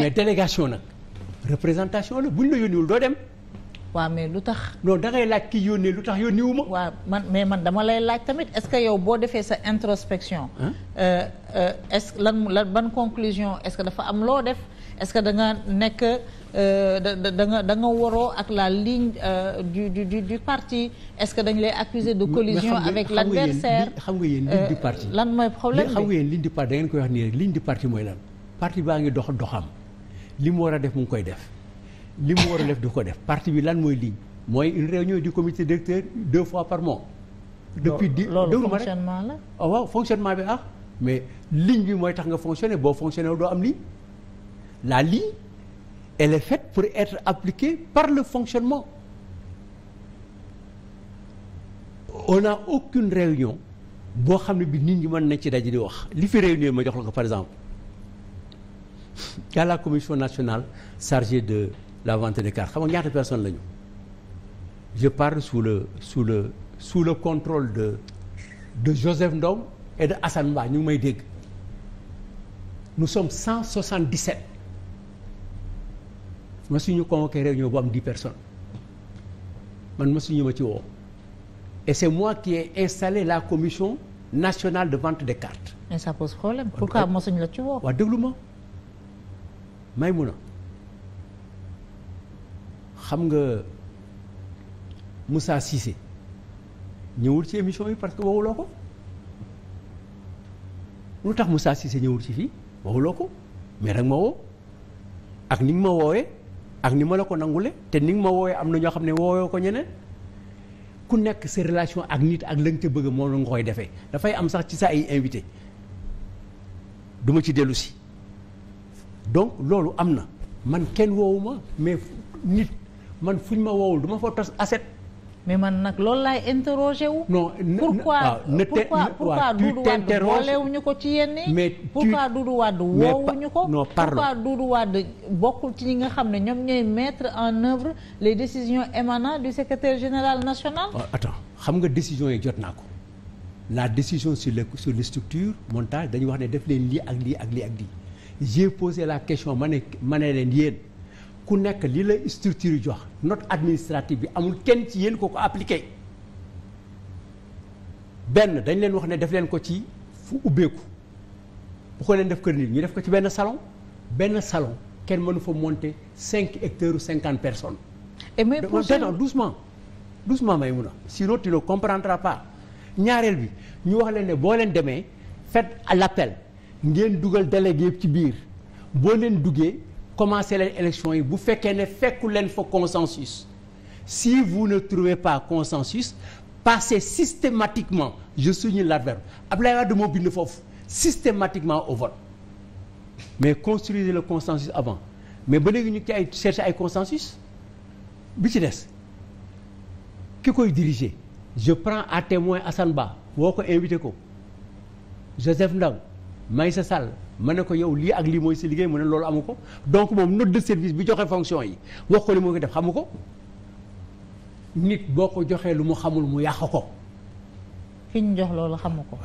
mais délégation nag représentation la buñ la yónniwul doo dem. waa mais lu tax. non da ngay laaj ki yónnee lu tax yónniwu ma. waa man mais man dama lay laaj tamit est-ce que yow boo defee sa introspection. Euh, euh, est-ce que lan la ban conclusion est-ce que dafa am loo def est-ce que da nga nekk euh, da da nga da nga waroo ak la ligne du du du du parti est-ce que dañu lay accuser de collision avec l'adversaire xam nga yéen ligne du lan mooy problème bi xam nga yéen ligne du parti da ngeen koy wax nii rek ligne du parti mooy lan. parti baa ngi dox dox am li mu war a def mu ngi koy def li mu war a def du ko def parti bi lan mooy ligne mooy une réunion du comité directeur deux fois par mois. depuis di loolu fonctionnement la. ah waaw fonctionnement bi ah mais ligne bi mooy tax nga fonctionner boo fonctionner doo am ligne la ligne elle est pour être appliquée par le fonctionnement on n'a aucune réunion boo xam ne bi nit ñi mën nañ ci daje di wax li fi réunion ma jox la ko par exemple. y a la commission nationale chargée de la vente des cartes xam nga ñaata personne la ñu je parle sous le sous le sous le contrôle de de Joseph Ndom et de Assane Ba ñu ngi may dégg nous sommes 177 ma suñu convoqué réunion bu am 10 personnes man ma suñu ma ci woo et c'est moi qui ai installé la commission nationale de vente des cartes. mais ça pose problème la ci woo. waaw déglu ma. Maymuna xam nga Moussa siise ñëwul ci émission yi parce que waxuloo ko lu tax Moussa Cissé ñëwul ci fii waxuloo ko mais rek ma woo ak ni nga ma woowee ak ni ma la ko nangule te ni nga ma woowee am na ñoo xam ne woowoo ko ñeneen ku nekk sa relation ak nit ak lañ te bëgg moo nga koy defee dafay am sax ci sa ay invité duma ci dellusi donc loolu am na man kenn woowu ma mais nit man fu ñu ma woowul duma ma fa tas aset mais man nag loolu laay interroger wu. non pourquoi ah, pourquoi pourquoi Doudou Wade boolewuñu ko ci yenn yi. mais pourquoi Doudou Wade woowuñu ko. non pardon pourquoi Doudou Wade bokkul ci ñi nga xam ne ñoom ñooy mettre en œuvre les décisions émanant du secretaire général national. Ah, attends xam nga décision yi jot naa ko la décision sur les sur les montage dañuy wax ne def leen lii ak lii ak lii ak lii. j'ai posé la question ma ne ma ne leen yéen ku nekk li la structure jox not administrative bi amul kenn ci yéen ko ko appliqué benn dañ leen wax ne def leen ko ci fu ubbeeku bu ko leen def kër nit ñu def ko ci benn salon benn salon kenn mënu fa monter cinq hectares ou cinquante personne et mais prochain doucement doucement may mun a sinon tu ne comprendras pas ñaareel bi ñu wax leen ne boo leen demee fet l'appel ngeen dugal délégué yëpp ci biir boo leen duggee commencé leen élection yi bu fekkee ne fekku leen fa consensus si vous ne trouvez pas consensus passez systématiquement je souligne l'adverbe Abdoulaye Wade moo bind foofu systématiquement au vote mais construisez le consensus avant mais ba léegi ñu ci ay chercher ay consensus bi ci des ki koy diriger je prends à témoin Assane Ba woo ko invité ko Joseph Ndaw sa Sall ma ne ko yow lii ak lii mooy si liggéey mu ne loolu amu ko donc moom note de service bi joxe fonction yi wax ko li moo ko def xamu ko nit boo ko joxee lu mu xamul mu yàq ko. ki ñu jox loolu xamu ko.